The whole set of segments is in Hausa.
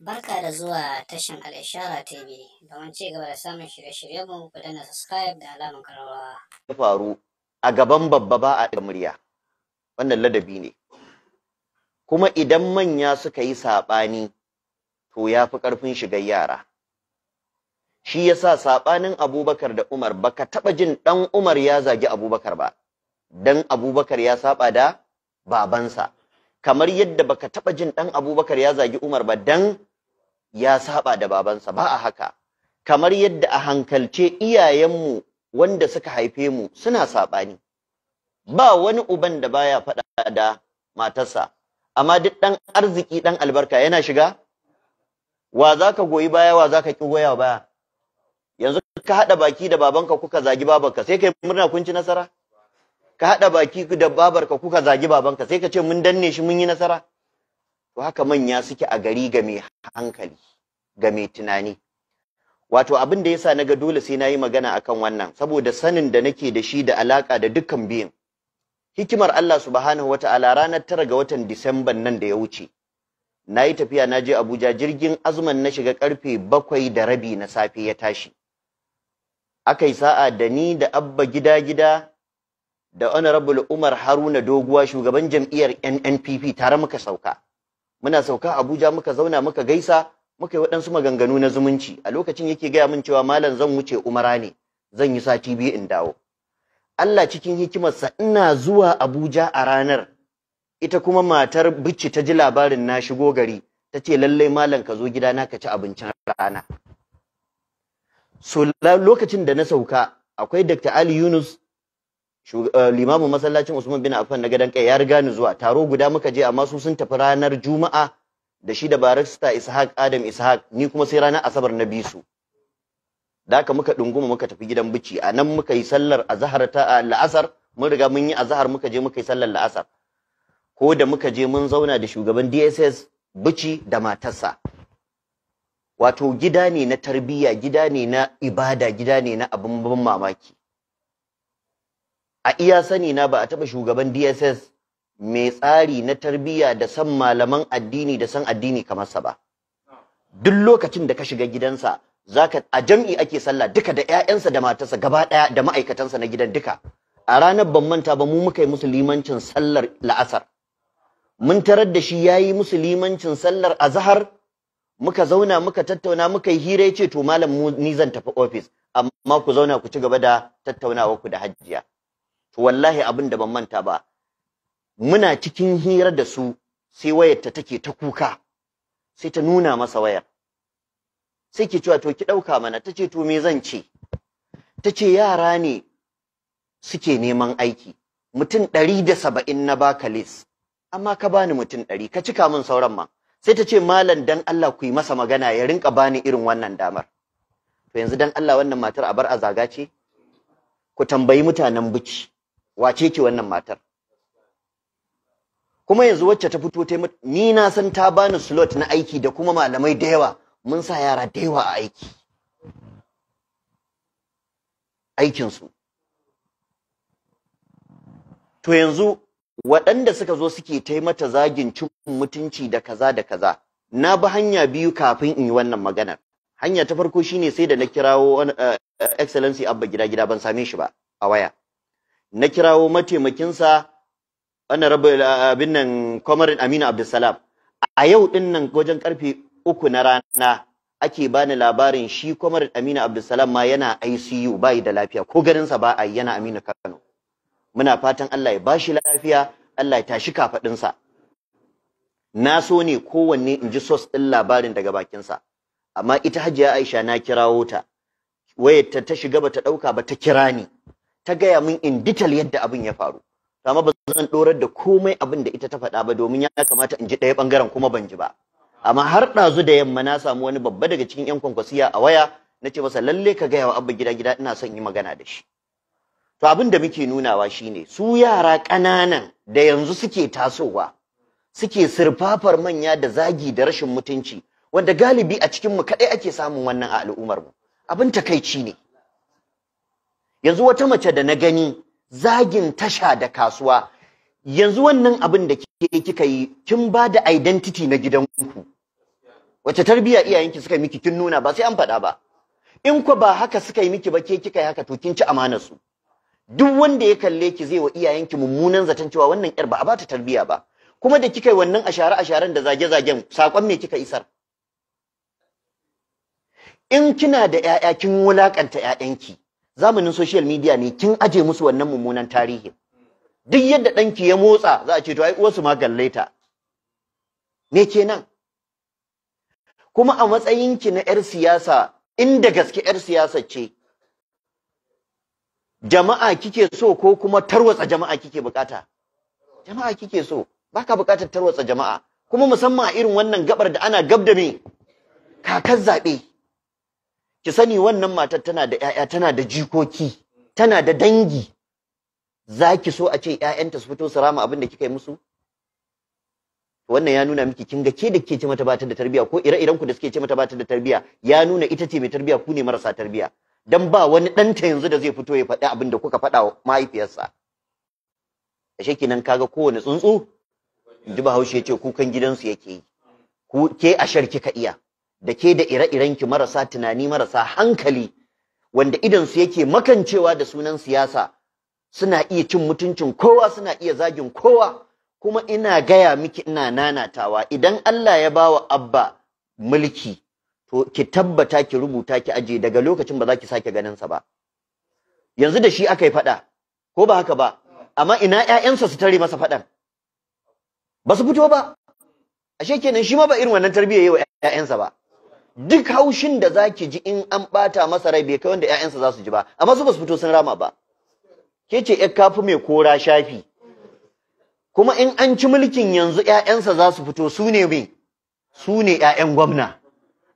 Barka da zuwa tashin Al'ishara TV domin wance gaba da samun shirye-shiryenmu ku danna subscribe da alamun karawa. Ya faru a gaban babba ba a ɗan murya. Wannan ladabi ne. Kuma idan manya suka yi saɓani to ya fi ƙarfin shigar yara. Shi ya sa saɓanin Abubakar da Umar ba ka taɓa jin ɗan Umar ya zagi Abubakar ba, don Abubakar ya saɓa da babansa. Kamar yadda ba ka taɓa jin ɗan Abubakar ya zagi Umar ba don ya saba da babansa ba a haka kamar yadda a hankalce iyayenmu wanda suka haife mu suna saɓani ba wani uban da baya faɗa da matarsa amma duk ɗan arziki ɗan albarka yana shiga wa za ka goyi baya wa za ka ƙi goya baya yanzu ka haɗa baki da babanka kuka zagi babanka sai kai murna kun ci nasara ka haɗa baki da babarka kuka zagi babanka sai ka ce mun danne shi mun yi nasara to haka manya suke a gari ga mai hankali ga mai tunani wato abin da yasa naga dole sai nayi magana akan wannan saboda sanin da nake da shi da alaka da dukkan biyun. hikimar Allah subhanahu wataala ranar tara ga watan Disamban nan da ya wuce nayi tafiya na je Abuja jirgin azuman na shiga karfe bakwai da rabi na safe ya tashi akai sa'a da ni da abba gida gida da honorable Umar Haruna Doguwa shugaban jam'iyyar NNPP tare muka sauka muna sauka Abuja muka zauna muka gaisa muka yi waɗansu maganganu na zumunci a lokacin yake gaya min cewa malam zan wuce umara ne zan yi sati biyu in dawo Allah cikin hikimarsa ina zuwa Abuja a ranar ita kuma matar bicci ta ji labarin na shigo gari ta ce lallai malam ka zo gida na ka ci abincin rana so lokacin da na sauka akwai Dr. Ali Yunus Eh, limamin masallacin Usman bin Affan na gadan kai ya riga ni zuwa taro guda muka je amma su sun tafi ranar Juma'a da shi da barista Ishaq Adam Ishaq ni kuma sai ranar Asabar na bisu da haka muka dunguma muka tafi gidan bici a nan muka yi sallar azhar ta la'asar mun riga mun yi azhar muka je muka yi sallar la'asar ko da muka je mun zauna da shugaban DSS bici da matarsa wato gida ne na tarbiyya gida ne na ibada gida ne na abin ban mamaki a iya sani na ba a taɓa shugaban DSS mai tsari na tarbiyya da san malaman addini da san addini kamar sa ba. Duk lokacin da ka shiga gidansa, zaka a jam'i ake sallah duka da 'ya'yansa da matarsa gaba ɗaya da ma'aikatansa na gidan duka. A ranar ban manta ba mu muka yi musulmancin sallar la'asar. Mun tarar da shi yayi musulmancin sallar zahar? muka zauna muka tattauna muka yi hira ya ce to malam mu ni zan tafi ofis amma ku zauna ku ci gaba da tattaunawa ku da hajjiya. to wallahi abin da ban manta ba muna cikin hira da su sai wayarta ta take ta kuka sai ta nuna masa wayar sai ke cewa to ki ɗauka mana ta to me zan ce tace yara ne suke neman aiki mutum ɗari da saba'in na baka lis amma ka bani mutum ɗari ka cika mun sauran ma sai ta ce malam dan Allah ku yi masa magana ya rinka bani irin wannan damar to yanzu dan Allah wannan matar a bar a zaga ce ku tambayi mutanen buci wace ke wannan matar kuma yanzu wacce ta fito ta ni na san ta bani slot na aiki da kuma malamai da yawa mun sa yara da yawa a aiki aikinsu to yanzu waɗanda suka zo suke tai mata zagin cin mutunci da kaza da kaza na bi hanya biyu kafin in yi wannan maganar hanya ta farko shine sai da na kirawo eh, eh, excellency abba gida gida ban same shi ba a waya na kirawo mataimakinsa rabu ah, ah, abin nan Kwamarin Aminu Abdulsalam a yau din nan wajen karfe uku na rana ake bani labarin shi Kwamarin Aminu Abdulsalam ma yana ICU bai da lafiya ko sa ba a yana Aminu Kano muna fatan Allah ya bashi lafiya Allah ya tashi kafaɗinsa. na so ne kowanne in ji sos ɗin labarin daga bakinsa amma ita Hajiya Aisha na kirawo ta wayar ta shiga ba ta ɗauka ba ta kira ni ta gaya min in detail yadda abin ya faru amma ba zan dorar da komai abin da ita ta faɗa ba domin ya kamata in ji ɗaya ɓangaren kuma ban ji ba amma har ɗazu da yamma na samu wani babba daga cikin 'yan kwankwasiya a waya na ce masa lalle ka gaya wa abba gida gida ina son yi magana da shi to abin da muke nunawa shine su yara ƙananan da yanzu suke tasowa suke sirfafar manya da zagi da rashin mutunci wanda galibi a cikin mu kaɗai ake samun wannan a al'ummar mu abin takaici ne yanzu wata mace da na gani zagin tasha da kasuwa yanzu wannan abin da kike kika yi kin ba da identity na gidanku wace tarbiya iyayenki suka miki kin nuna ba sai an faɗa ba in ku ba haka suka yi miki ba ke kika yi haka to kin ci amanar su duk wanda ya kalle ki zai wa iyayenki mummunan zaton cewa wannan yar ba a bata tarbiya ba kuma da kika yi wannan ashare asharen da zage zagen sakon me kika isar in kina da ƴaƴa kin wulakanta ƴaƴanki zamanin social media ne kin aje musu wannan mummunan tarihin duk yadda ɗanki ya motsa za a ce to ai uwarsu ma galleta me kenan kuma a matsayinki na 'yar siyasa inda gaske 'yar siyasa ce jama'a kike so ko kuma tarwatsa jama'a kike bukata jama'a kike so baka bukatar tarwatsa jama'a kuma musamman a irin wannan gabar da ana gab da me kakar zaɓe ki sani wannan matar tana da ƴaƴa tana da jikoki tana da dangi zaki so a ce ƴaƴanta su fito su rama abin da kika yi musu wannan ya nuna miki kin ga ke da kike ce mata bata da tarbiya ko ire-iren ku da suke ce mata bata da tarbiya ya nuna ita ce mai tarbiya ku ne marasa tarbiya dan ba wani ɗanta yanzu da zai fito ya faɗi abin da kuka faɗa wa mahaifiyarsa ashe kenan kaga kowane tsuntsu ji haushe ya ce kukan gidansu yake yi ke ashar kika iya da ke da ire-irenki marasa tunani marasa hankali wanda su yake makancewa da sunan siyasa suna iya cin mutuncin kowa suna iya zagin kowa kuma ina gaya miki ina nanatawa idan Allah ya bawa abba mulki to ki tabbata ki rubuta ki aje daga lokacin ba za ki sake ganin sa ba yanzu da shi aka yi fada ko ba haka ba amma ina ƴaƴansa su tare masa fadan ba su fito ba ashe kenan shi ma ba irin wannan tarbiyyar yayi wa ƴaƴansa ba duk haushin da zaki ji in an bata masa rai bai kai wanda ƴaƴansa za su ji ba amma su ba su fito sun rama ba ke ce ƴar kafi mai kora shafi kuma in an ci mulkin yanzu 'ya'yansa za su fito su ne mai su ne ƴaƴan gwamna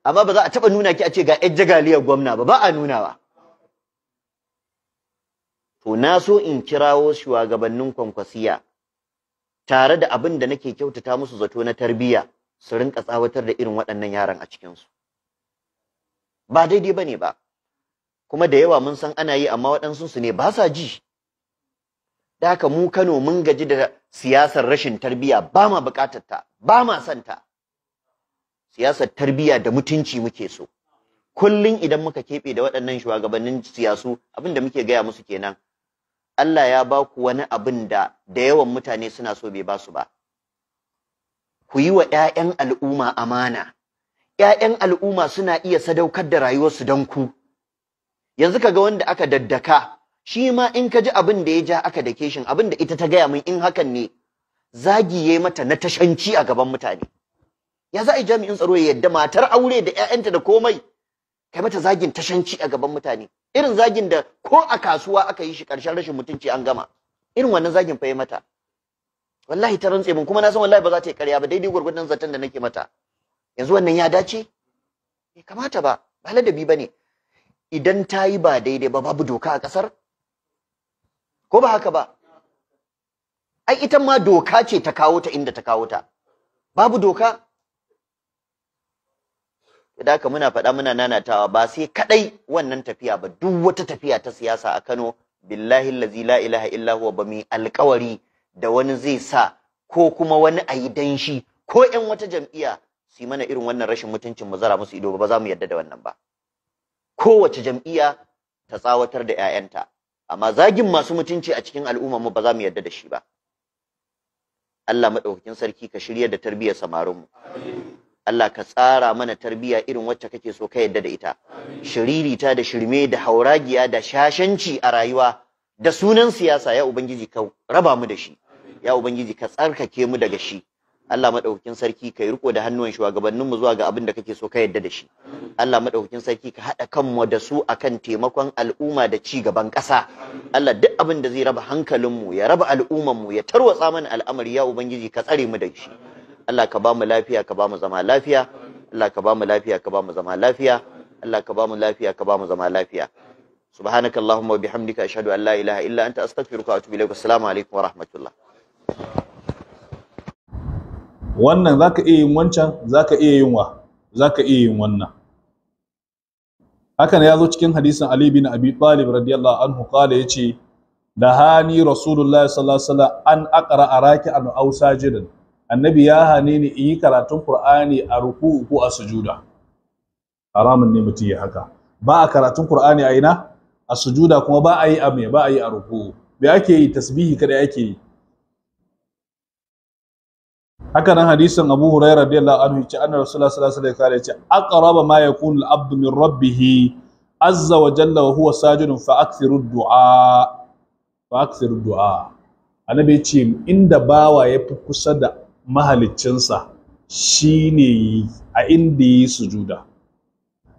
amma ba za a taɓa nuna ki a ce ga ƴar jagaliyar gwamna ba ba a nunawa to na so in kirawo shugabannin kwankwasiya tare da abin da nake kyautata musu zato na tarbiyya su rinka tsawatar da irin waɗannan yaran a cikinsu ba daidai ba ne ba kuma da yawa mun san ana yi amma waɗansu su ne ba sa ji da haka mu Kano mun gaji da siyasar rashin tarbiyya. ba ma buƙatar ta ba ma son ta siyasar tarbiyya da mutunci muke so Kullum idan muka keɓe da waɗannan shugabannin siyasu abin da muke gaya musu kenan Allah ya ba ku wani abin da da yawan mutane suna so bai ba su ba ku yi wa 'ya'yan al'umma amana ‘ya'yan al'umma suna iya sadaukar da rayuwarsu don ku, yanzu ka ga wanda aka daddaka, shi ma in ka ji abin da ya ja aka dake shin abin da ita ta gaya min in hakan ne, Zagi yi mata na tashanci a gaban mutane. Ya za a yi jami'in tsaro ya yadda matar aure da ‘ya'yanta da komai, kai mata zagin tashanci a gaban mutane, irin zagin da ko a kasuwa aka yi shi ƙarshen rashin mutunci an gama, irin wannan zagin fa ya mata. Wallahi ta rantse mun kuma na san wallahi ba za ta yi ƙarya ba daidai gwargwadon zaton da nake mata. yanzu wannan ya dace bai kamata ba ba ladabi ba ne idan ta yi ba daidai ba babu doka a ƙasar ko ba haka ba ai ita ma doka ce ta kawo ta inda ta kawo ta babu doka da haka muna faɗa muna nanatawa ba sai kaɗai wannan tafiya ba duk wata tafiya ta siyasa a Kano billahi allazi la ilaha illa huwa ba mu alƙawari da wani zai sa ko kuma wani ayi danshi ko ƴan wata jam'iyya su yi mana irin wannan rashin mutuncin mu zara musu ido ba za mu yadda da wannan ba kowace jam'iyya ta tsawatar da 'ya'yanta amma zagin masu mutunci a cikin al'ummar mu ba za mu yadda da shi ba Allah madaukakin sarki ka shirya da tarbiyyar samarin mu Allah ka tsara mana tarbiyya irin wacce kake so ka yadda da ita shiririta da shirme da hauragiya da shashanci a rayuwa da sunan siyasa ya ubangiji ka raba mu da shi ya ubangiji ka tsarkake mu daga shi Allah madaukakin sarki yi riko da hannuwan shugabannin mu zuwa ga abin da kake so ka yadda da shi Allah madaukakin sarki ka haɗa kanmu da su akan taimakon al'umma da ci gaban ƙasa Allah duk abin da zai raba hankalin mu ya raba al'umman mu ya tarwatsa mana al'amari ya ubangiji ka tsare mu da shi Allah ka ba mu lafiya ka ba mu zama lafiya Allah ka ba mu lafiya ka ba mu zama lafiya Allah ka ba mu lafiya ka ba mu zama lafiya subhanakallahumma wa bihamdika ashhadu an la ilaha illa anta astaghfiruka wa atubu ilaik assalamu alaikum wa rahmatullah wannan za iya yin wancan za ka iya yin wa za iya yin wannan hakan ya zo cikin hadisin ali bin abi talib radiyallahu anhu kala ya ce da hani rasulullahi sallallahu alaihi wasallam an aqra araki an aw sajidan annabi ya hane ni in yi karatun qur'ani a ruku'u ko a sujuda haramun ne mutum ya haka ba a karatun qur'ani a ina a sujuda kuma ba a yi a me ba a yi a ruku'u me ake yi tasbihi kada ake yi haka nan hadisin Abu huraira radiyallahu anhu yace anna Rasulullah sallallahu alaihi wasallam yace aqraba ma yakunu al abd min rabbih azza wa jalla wa huwa sajidun fa akthiru du'a fa akthiru du'a annabi yace inda bawa ya fi kusa da mahaliccinsa shine a inda yi sujuda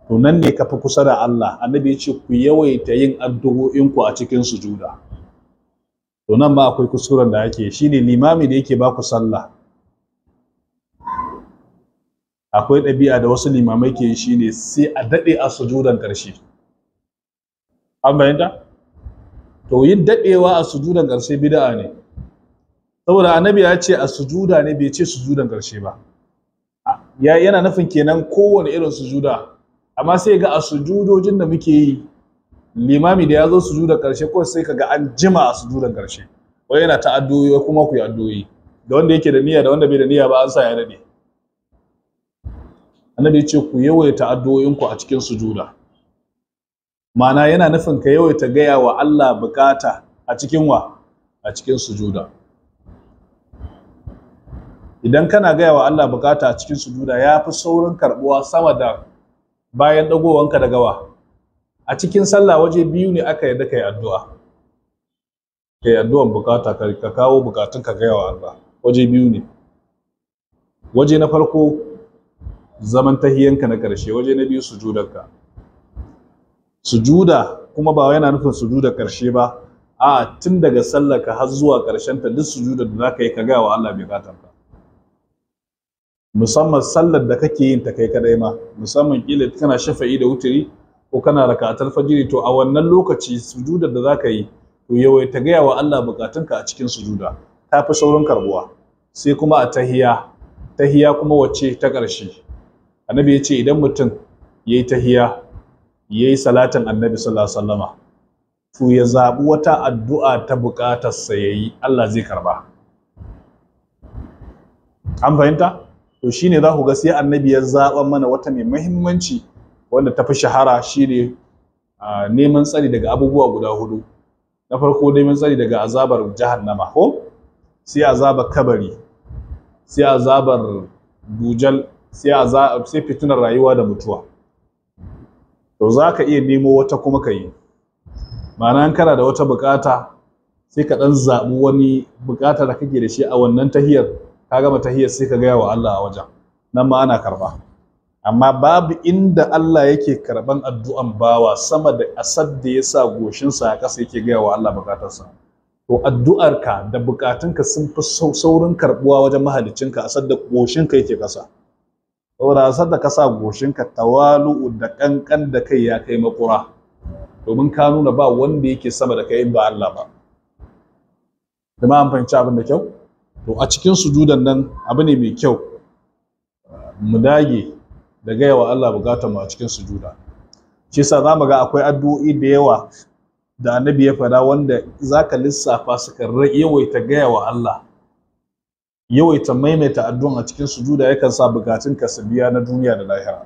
to nan ne ka fi kusa da Allah annabi yace ku yawaita yin addu'o'in ku a cikin sujuda to nan ma akwai kusuran da ake shine limami da yake ba ku sallah akwai ɗabi'a da wasu limamai ke shi ne sai a daɗe a sujudan ƙarshe an bayyanta to yin daɗewa a sujudan ƙarshe bida'a ne saboda annabi ya ce a sujuda ne bai ce sujudan ƙarshe ba ya yana nufin kenan kowane irin sujuda amma sai ga a sujudojin da muke yi limami da ya zo sujudan ƙarshe ko sai kaga an jima a sujudan ƙarshe wai yana ta addu'o'i kuma ku yi addu'o'i da wanda yake da niyya da wanda bai da niyya ba an sa ya daɗe annabi ya ce ku yawaita addu'o'inku a cikin sujuda ma'ana yana nufin ka yawaita gaya wa Allah bukata a cikin wa a cikin sujuda idan kana gaya wa Allah bukata a cikin sujuda ya fi saurin karbuwa sama da bayan dagowanka da gawa a cikin sallah waje biyu ne aka ka kai addu'a kai addu'an bukata ka kawo bukatun ka gaya wa Allah waje biyu ne waje na farko zaman tahiyanka na ƙarshe waje na biyu sujudarka sujuda kuma ba yana nufin sujuda ƙarshe ba a tun daga ka har zuwa ƙarshen ta duk sujudar da zaka yi ka ga wa Allah ka. musamman sallar da kake yin ta kai kadai ma musamman kila kana shafa'i da wuturi ko kana rakatar fajiri to a wannan lokaci sujudar da zaka yi to yawai ta gaya wa Allah bukatunka a cikin sujuda tafi fi saurin karbuwa sai kuma a tahiya tahiya kuma wacce ta ƙarshe annabi ya ce idan mutum ya yi tahiya ya yi salatin annabi sallallahu to ya zaɓi wata addu'a ta buƙatarsa ya yi Allah zai karba an fahimta to shi ne za ku ga sai annabi ya zaɓa mana wata mai mahimmanci wanda ta fi shahara shi ne neman tsari daga abubuwa guda hudu na farko neman tsari daga azabar jahannama ko sai azabar kabari sai azabar dujal sai a za sai fitinar rayuwa da mutuwa to zaka iya nemo wata kuma ka yi ma'ana in kana da wata bukata sai ka dan zaɓi wani bukata da kake da shi a wannan tahiyar ka gama tahiyar sai ka gaya wa Allah a wajen nan ma ana karba amma babu inda Allah yake karban addu'an bawa sama da asad da ya sa goshinsa a ƙasa yake gaya wa Allah bukatarsa to addu'arka da bukatunka sun fi saurin karbuwa wajen mahaliccinka asad da goshinka yake ƙasa saboda san da ka sa goshinka tawalu'u da ƙanƙan da kai ya kai makura domin ka nuna ba wanda yake sama da kai in ba Allah ba kuma an fahimci abin da kyau to a cikin sujudan nan abu ne mai kyau mu dage da gaya wa Allah bukatar mu a cikin sujuda shi yasa zamu ga akwai addu'o'i da yawa da annabi ya fada wanda zaka lissafa su kan yawaita gaya wa Allah yawaita maimaita addu'a a cikin sujuda yakan sa bukatun ka su biya na duniya da lahira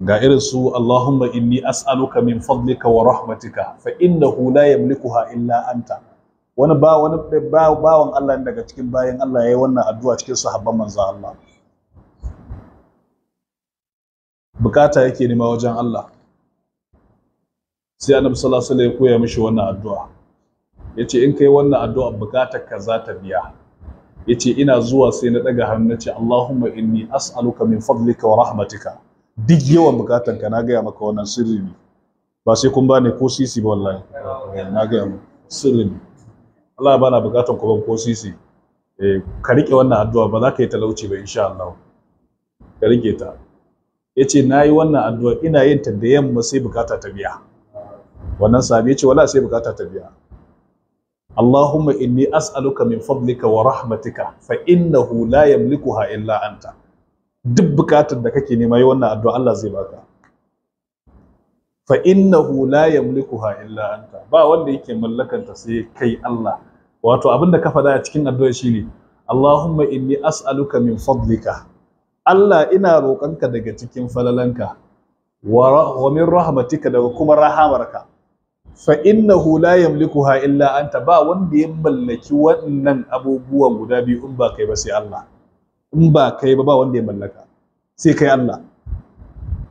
ga irin su Allahumma inni as'aluka min fadlika wa rahmatika fa innahu la yamlikuha illa anta wani ba wani bawan Allah daga cikin bayan Allah yayi wannan addu'a cikin sahabban manzo Allah bukata yake nema wajen Allah sai annabi sallallahu alaihi wasallam ya koya mishi wannan addu'a ya ce in kai wannan addu'a bukatar ka za ta biya ya ce ina zuwa sai na ɗaga hannu na ce Allahumma inni as'aluka min fadlika wa rahmatika duk yawan bukatan ka na gaya maka wannan sirri ne ba sai kun bani ko sisi ba wallahi na gaya maka sirri ne Allah bana bukatan ku ban ko sisi eh, ka rike wannan addu'a ba za ka yi talauci ba insha Allah ka rike ta ya ce na yi wannan addu'a ina yin ta da yamma sai bukata ta biya wannan sabi ya ce wala sai bukata ta biya اللهم إني أسألك من فضلك ورحمتك فإنه لا يملكها إلا أنت duk bukatun da kake nema yi wannan addu'a Allah zai baka fa innahu la yamlikuha illa ba wanda yake mallakanta sai kai Allah wato abinda da ka faɗa a cikin addu'a shine Allahumma inni as'aluka min fadlika Allah ina roƙonka daga cikin falalanka wa min rahmatika daga kuma rahamarka fa innahu la ha illa anta ba wanda ya mallaki wannan abubuwan guda biyu in ba kai ba sai Allah in ba kai ba ba wanda ya mallaka sai kai Allah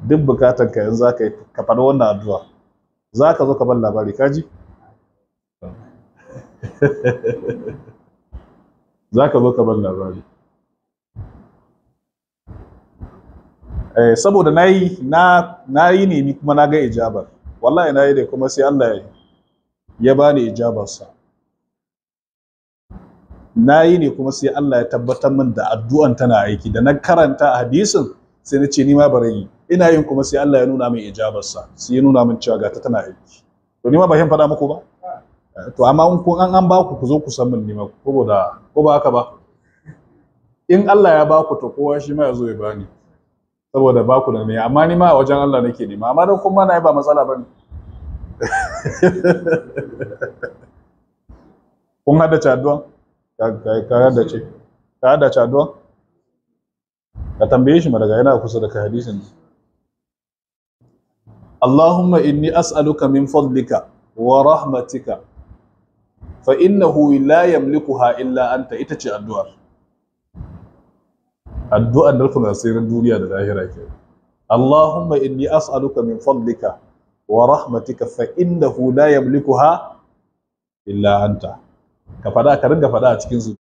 duk bukatan ka yanzu zaka ka fara wannan addu'a zaka zo ka ban labari kaji zaka zo ka ban labari eh saboda nayi na nayi ne ni kuma na ga ijabar wallahi na yi da kuma sai Allah ya bani ijabarsa na yi ne kuma sai Allah ya tabbatar min da addu'an tana aiki da na karanta a hadisin sai na ce ni ma bari yi ina yin kuma sai Allah ya nuna min ijabarsa sai ya nuna min cewa ga ta tana aiki to ni ma ba faɗa muku ba to amma in kun an an ba ku ku zo ku san min ni ma ko ba haka ba in Allah ya ba ku to kowa shi ma ya zo ya bani saboda ba ku da me amma ni ma a wajen Allah nake nema amma dan kuma na ba matsala bane kun hada caduwa ka ka hada ce ka ka tambaye shi daga yana kusa da kai hadisin Allahumma inni as'aluka min fadlika wa rahmatika fa innahu la yamlikuha illa la'anta ita ce addu'ar addu'ar nufin asirin duniya da lahira ke Allahumma inni as'aluka min fadlika wa rahmatika fa innahu la ha illa anta ka fada ka ringa fada a cikin